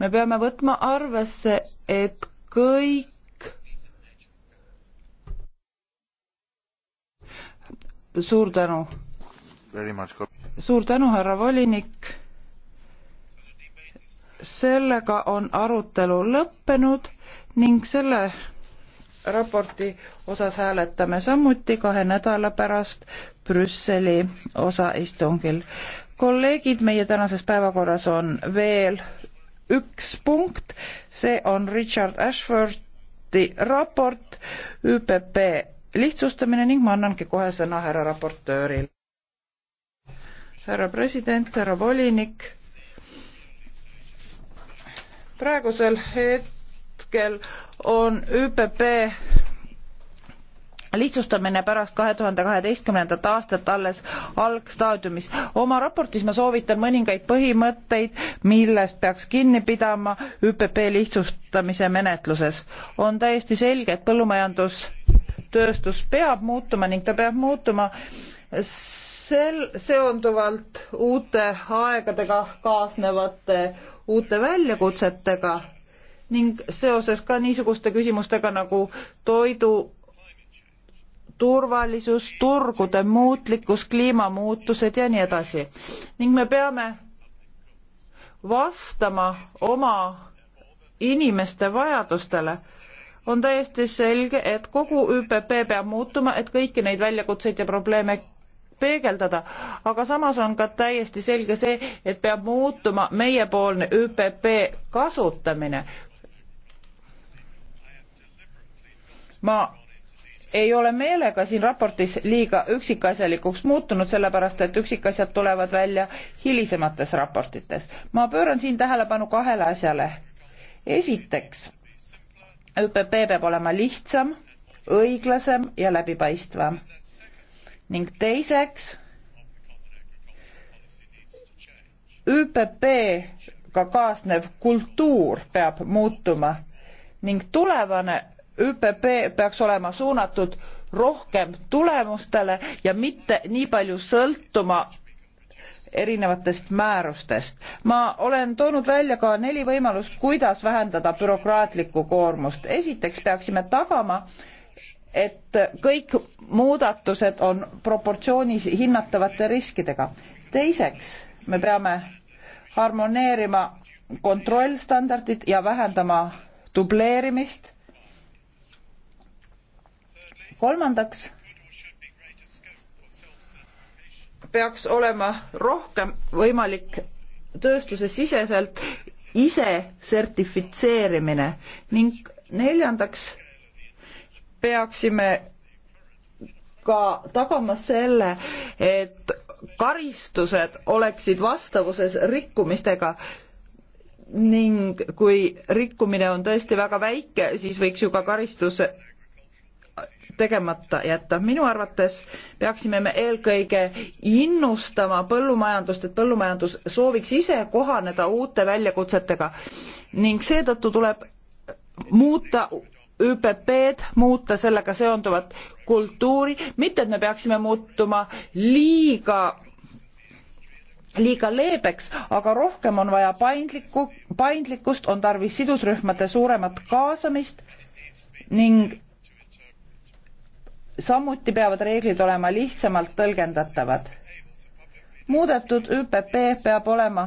me peame võtma arvesse, et kõik suur tänu. suur tänu, härra volinik. sellega on arutelu lõppenud ning selle raporti osas hääletame samuti kahe nädala pärast Brüsseli osaistungil. kolleegid, meie tänases päevakorras on veel üks punkt, see on Richard Ashfordi raport ÜPP lihtsustamine ning ma annangi kohe sõna härra raportööril. härra president, härra volinik, praegusel hetkel on ÜPP lihtsustamine pärast kahe tuhande kaheteistkümnendat aastat alles algstaadiumis. oma raportis ma soovitan mõningaid põhimõtteid, millest peaks kinni pidama ÜPP lihtsustamise menetluses. on täiesti selge, et põllumajandustööstus peab muutuma ning ta peab muutuma sel-, seonduvalt uute aegadega kaasnevate uute väljakutsetega ning seoses ka niisuguste küsimustega nagu toidu turvalisus, turgude muutlikkus, kliimamuutused ja nii edasi. ning me peame vastama oma inimeste vajadustele. on täiesti selge, et kogu ÜPP peab muutuma, et kõiki neid väljakutseid ja probleeme peegeldada, aga samas on ka täiesti selge see, et peab muutuma meiepoolne ÜPP kasutamine. ma ei ole meelega siin raportis liiga üksikasjalikuks muutunud, sellepärast et üksikasjad tulevad välja hilisemates raportites. ma pööran siin tähelepanu kahele asjale. esiteks, ÜPP peab olema lihtsam, õiglasem ja läbipaistvam. ning teiseks, ÜPP-ga kaasnev kultuur peab muutuma ning tulevane ÜPP peaks olema suunatud rohkem tulemustele ja mitte nii palju sõltuma erinevatest määrustest. ma olen toonud välja ka neli võimalust, kuidas vähendada bürokraatlikku koormust. esiteks peaksime tagama, et kõik muudatused on proportsioonis hinnatavate riskidega. teiseks, me peame harmoneerima kontrollstandardid ja vähendama dubleerimist kolmandaks peaks olema rohkem võimalik tööstuse siseselt ise sertifitseerimine ning neljandaks peaksime ka tagama selle, et karistused oleksid vastavuses rikkumistega ning kui rikkumine on tõesti väga väike, siis võiks ju ka karistuse tegemata jätta. minu arvates peaksime me eelkõige innustama põllumajandust, et põllumajandus sooviks ise kohaneda uute väljakutsetega ning seetõttu tuleb muuta ÜPP-d, muuta sellega seonduvat kultuuri, mitte et me peaksime muutuma liiga liiga leebeks, aga rohkem on vaja paindlikku, paindlikkust, on tarvis sidusrühmade suuremat kaasamist ning samuti peavad reeglid olema lihtsamalt tõlgendatavad. muudetud ÜPP peab olema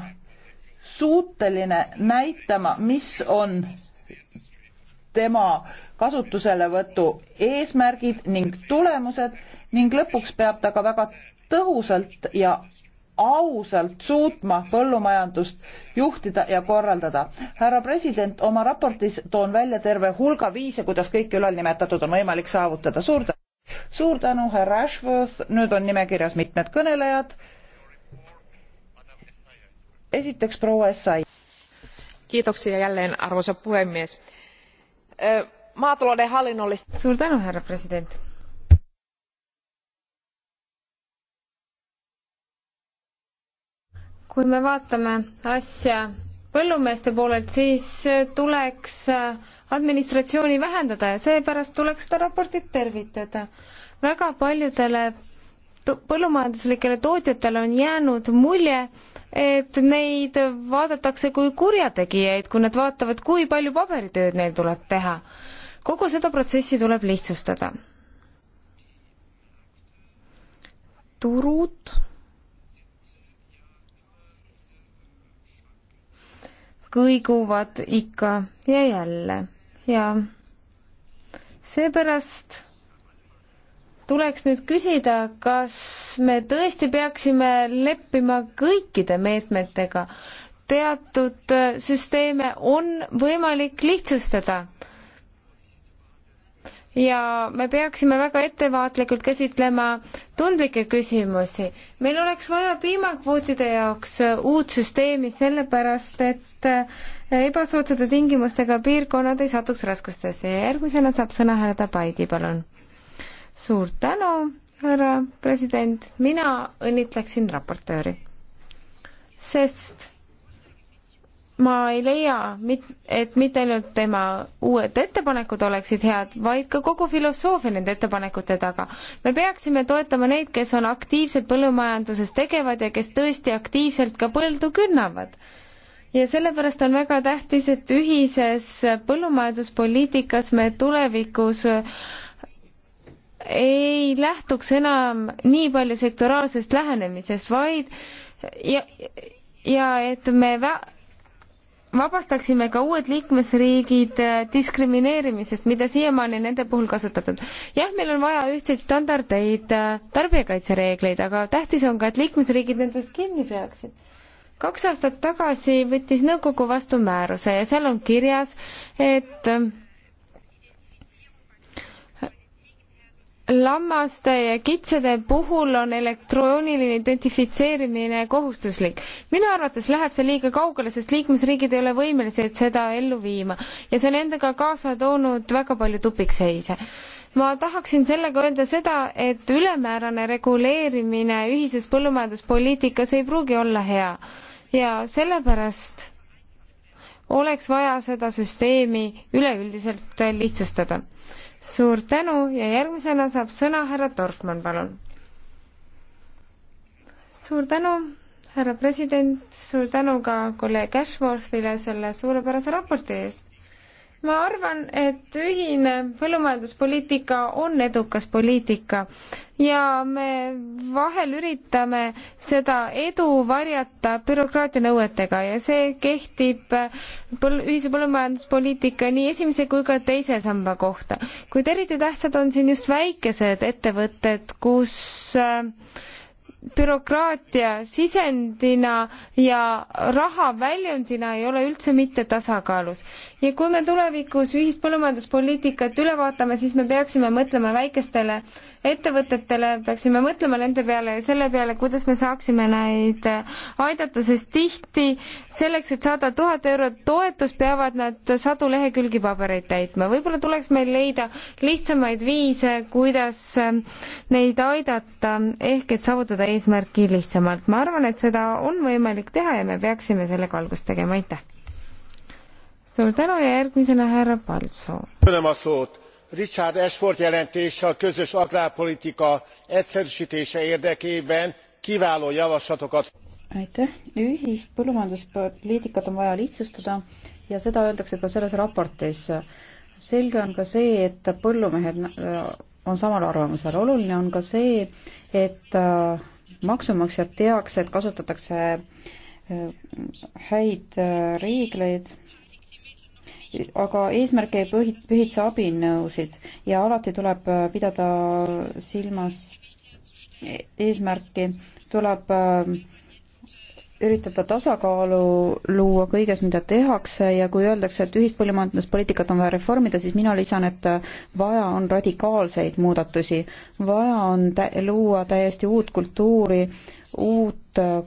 suuteline näitama, mis on tema kasutuselevõtu eesmärgid ning tulemused ning lõpuks peab ta ka väga tõhusalt ja ausalt suutma põllumajandust juhtida ja korraldada. härra president, oma raportis toon välja terve hulga viise, kuidas kõike ülalnimetatud on võimalik saavutada. suur tänu suur tänu, härra Ashworth, nüüd on nimekirjas mitmed kõnelejad. esiteks proua Essai. kiitoksia jälleen, arvoisa puhemies. maatalouden hallinnollist. suur tänu, härra president kui me vaatame asja põllumeeste poolelt, siis tuleks administratsiooni vähendada ja seepärast tuleks seda raportit tervitada. väga paljudele põllumajanduslikele tootjatele on jäänud mulje, et neid vaadatakse kui kurjategijaid, kui nad vaatavad, kui palju paberitööd neil tuleb teha. kogu seda protsessi tuleb lihtsustada. turud. kõiguvad ikka ja jälle ja seepärast tuleks nüüd küsida, kas me tõesti peaksime leppima kõikide meetmetega. teatud äh, süsteeme on võimalik lihtsustada ja me peaksime väga ettevaatlikult käsitlema tundlikke küsimusi. meil oleks vaja piimakvootide jaoks uut süsteemi, sellepärast et ebasoodsate tingimustega piirkonnad ei satuks raskustesse ja järgmisena saab sõna härra Tabaidi, palun. suur tänu, härra president, mina õnnitleksin raportööri, sest ma ei leia, et mitte ainult tema uued ettepanekud oleksid head, vaid ka kogu filosoofia nende ettepanekute taga. me peaksime toetama neid, kes on aktiivselt põllumajanduses tegevad ja kes tõesti aktiivselt ka põldu künnavad. ja sellepärast on väga tähtis, et ühises põllumajanduspoliitikas me tulevikus ei lähtuks enam nii palju sektoraalsest lähenemisest, vaid ja, ja et me vä-, vabastaksime ka uued liikmesriigid äh, diskrimineerimisest, mida siiamaani nende puhul kasutatud. jah, meil on vaja ühtseid standardeid, äh, tarbijakaitsereegleid, aga tähtis on ka, et liikmesriigid nendest kinni peaksid. kaks aastat tagasi võttis nõukogu vastu määruse ja seal on kirjas, et äh, lammaste ja kitsede puhul on elektrooniline identifitseerimine kohustuslik. minu arvates läheb see liiga kaugele, sest liikmesriigid ei ole võimelised seda ellu viima ja see on endaga kaasa toonud väga palju tupikseise ma tahaksin sellega öelda seda, et ülemäärane reguleerimine ühises põllumajanduspoliitikas ei pruugi olla hea ja sellepärast oleks vaja seda süsteemi üleüldiselt lihtsustada. suur tänu ja järgmisena saab sõna härra Dorfmann, palun. suur tänu, härra president, suur tänu ka kolleeg Ashworthile selle suurepärase raporti eest ma arvan, et ühine põllumajanduspoliitika on edukas poliitika ja me vahel üritame seda edu varjata bürokraatia nõuetega ja see kehtib põl ühise põllumajanduspoliitika nii esimese kui ka teise samba kohta. kuid eriti tähtsad on siin just väikesed ettevõtted, kus äh, bürokraatia sisendina ja raha väljundina ei ole üldse mitte tasakaalus. ja kui me tulevikus ühist põllumajanduspoliitikat üle vaatame, siis me peaksime mõtlema väikestele ettevõtetele, peaksime mõtlema nende peale ja selle peale, kuidas me saaksime neid aidata, sest tihti selleks, et saada tuhat eurot toetust, peavad nad sadu lehekülgi pabereid täitma. võib-olla tuleks meil leida lihtsamaid viise, kuidas neid aidata, ehk et saavutada eesmärki lihtsamalt. ma arvan, et seda on võimalik teha ja me peaksime sellega algust tegema, aitäh! suur tänu ja järgmisena härra Paltsoo richard ashworth jelentése a közös agrárpolitika egyszerűstése érdekében kiváló javaslatokat. ühist põllumajanduspoliitikat on vaja lihtsustada ja seda öeldakse ka selles raportis. selge on ka see et põllumehed äh, on samal arvamusel. oluline on ka see et äh, maksumaksjad teaks et kasutatakse äh, häid reegleid aga eesmärk ei põhi, pühitse abinõusid ja alati tuleb äh, pidada silmas e-, eesmärki, tuleb äh, üritada tasakaalu luua kõiges, mida tehakse ja kui öeldakse, et ühist põllumajanduspoliitikat on vaja reformida, siis mina lisan, et äh, vaja on radikaalseid muudatusi. vaja on tä luua täiesti uut kultuuri, uut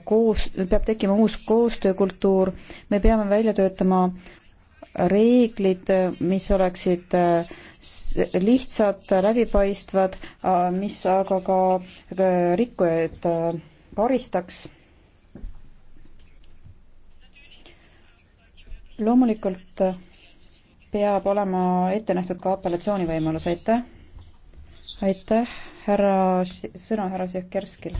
koos, peab tekkima uus koostöökultuur, me peame välja töötama äh, reeglid, mis oleksid äh, lihtsad, läbipaistvad, äh, mis aga ka äh, rikkujaid karistaks. loomulikult peab olema ette nähtud ka apellatsioonivõimalus, aitäh. aitäh, härra, sõna härra Sihkerskil.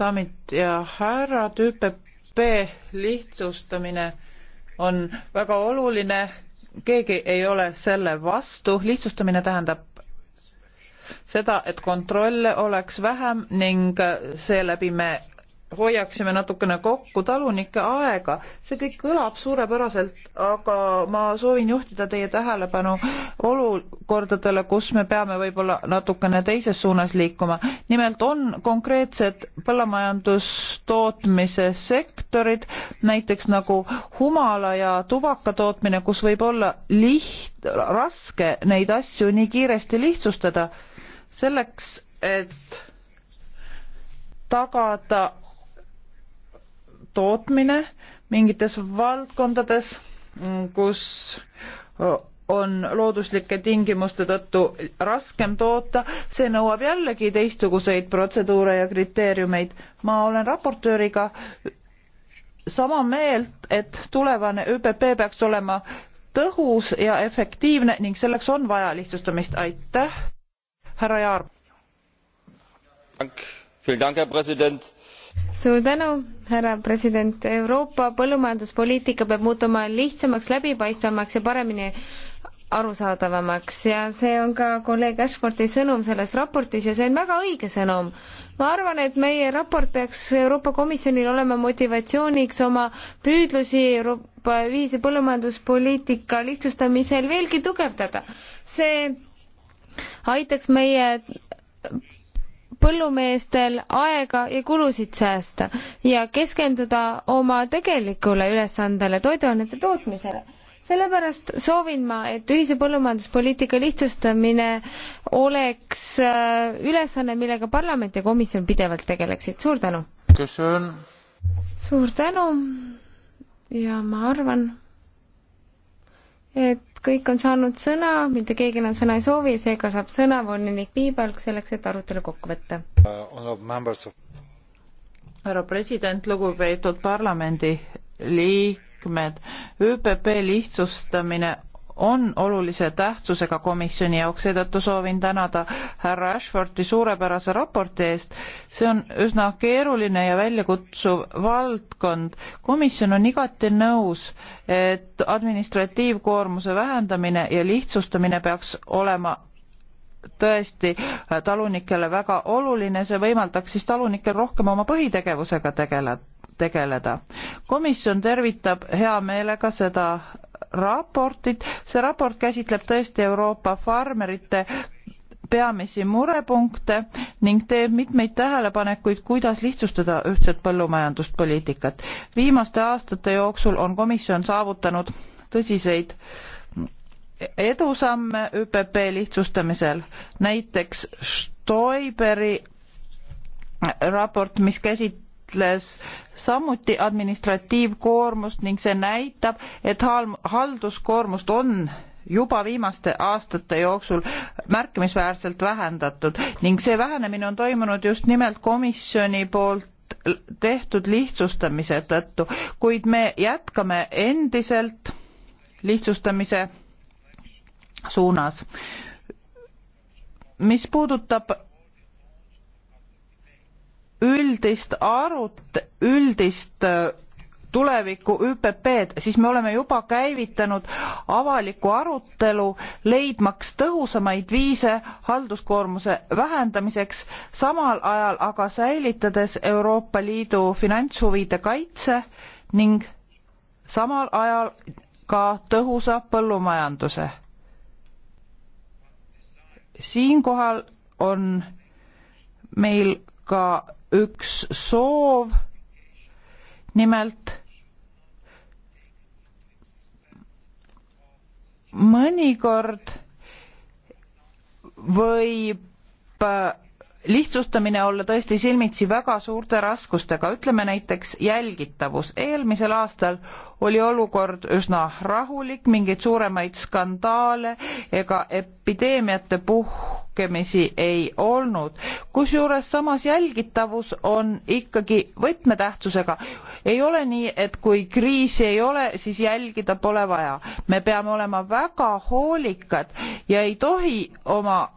daamid ja härrad, ÜPP B lihtsustamine on väga oluline, keegi ei ole selle vastu, lihtsustamine tähendab seda, et kontrolle oleks vähem ning seeläbi me hoiaksime natukene kokku talunike aega. see kõik kõlab suurepäraselt, aga ma soovin juhtida teie tähelepanu olukordadele, kus me peame võib-olla natukene teises suunas liikuma. nimelt on konkreetsed põllumajandustootmise sektorid, näiteks nagu humala ja tubaka tootmine, kus võib olla liht-, raske neid asju nii kiiresti lihtsustada, selleks et tagada tootmine mingites valdkondades, mm, kus on looduslike tingimuste tõttu raskem toota, see nõuab jällegi teistsuguseid protseduure ja kriteeriumeid. ma olen raportööriga sama meelt, et tulevane ÜPP peaks olema tõhus ja efektiivne ning selleks on vaja lihtsustamist. aitäh, härra Jaar suur tänu, härra president. Euroopa põllumajanduspoliitika peab muutuma lihtsamaks, läbipaistvamaks ja paremini arusaadavamaks ja see on ka kolleeg Ashfordi sõnum selles raportis ja see on väga õige sõnum. ma arvan, et meie raport peaks Euroopa Komisjonil olema motivatsiooniks oma püüdlusi Euroopa ühise põllumajanduspoliitika lihtsustamisel veelgi tugevdada. see aitaks meie põllumeestel aega ja kulusid säästa ja keskenduda oma tegelikule ülesandele, toiduainete tootmisele. sellepärast soovin ma, et ühise põllumajanduspoliitika lihtsustamine oleks äh, ülesanne, millega parlament ja komisjon pidevalt tegeleksid. suur tänu! kes see on? suur tänu ja ma arvan, et kõik on saanud sõna, mitte keegi enam sõna ei soovi, seega saab sõna volinik Piibalg selleks, et arutelu kokku võtta uh,. härra president, lugupeetud parlamendi liikmed, ÜPP lihtsustamine on olulise tähtsusega komisjoni jaoks, seetõttu soovin tänada härra Ashforti suurepärase raporti eest. see on üsna keeruline ja väljakutsuv valdkond. komisjon on igati nõus, et administratiivkoormuse vähendamine ja lihtsustamine peaks olema tõesti talunikele väga oluline, see võimaldaks siis talunikel rohkem oma põhitegevusega tegeleda tegeleda. komisjon tervitab hea meelega seda raportit. see raport käsitleb tõesti Euroopa farmerite peamisi murepunkte ning teeb mitmeid tähelepanekuid, kuidas lihtsustada ühtset põllumajanduspoliitikat. viimaste aastate jooksul on komisjon saavutanud tõsiseid edusamme ÜPP lihtsustamisel, näiteks Stoiberi raport, mis käsit-, võrdles samuti administratiivkoormust ning see näitab, et halduskoormust on juba viimaste aastate jooksul märkimisväärselt vähendatud ning see vähenemine on toimunud just nimelt komisjoni poolt tehtud lihtsustamise tõttu, kuid me jätkame endiselt lihtsustamise suunas. mis puudutab üldist arut-, üldist äh, tuleviku ÜPP-d, siis me oleme juba käivitanud avaliku arutelu, leidmaks tõhusamaid viise halduskoormuse vähendamiseks, samal ajal aga säilitades Euroopa Liidu finantshuvide kaitse ning samal ajal ka tõhusa põllumajanduse. siinkohal on meil ka üks soov, nimelt mõnikord võib lihtsustamine olla tõesti silmitsi väga suurte raskustega, ütleme näiteks jälgitavus. eelmisel aastal oli olukord üsna rahulik, mingeid suuremaid skandaale ega epideemiate puhul lahkemisi ei olnud. kusjuures samas jälgitavus on ikkagi võtmetähtsusega. ei ole nii, et kui kriisi ei ole, siis jälgida pole vaja. me peame olema väga hoolikad ja ei tohi oma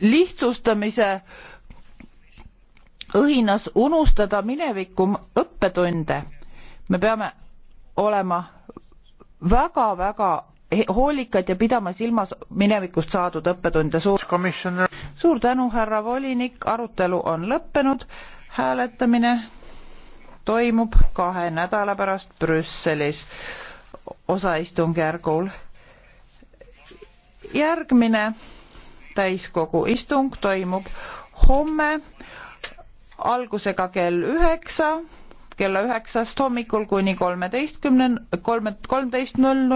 lihtsustamise õhinas unustada mineviku õppetunde. me peame olema väga-väga hoolikad ja pidama silmas minevikust saadud õppetunde. suur tänu, härra volinik, arutelu on lõppenud, hääletamine toimub kahe nädala pärast Brüsselis osaistungjärgul. järgmine täiskogu istung toimub homme algusega kell üheksa, kella üheksast hommikul kuni kolmeteistkümne, kolme, kolmteist null null.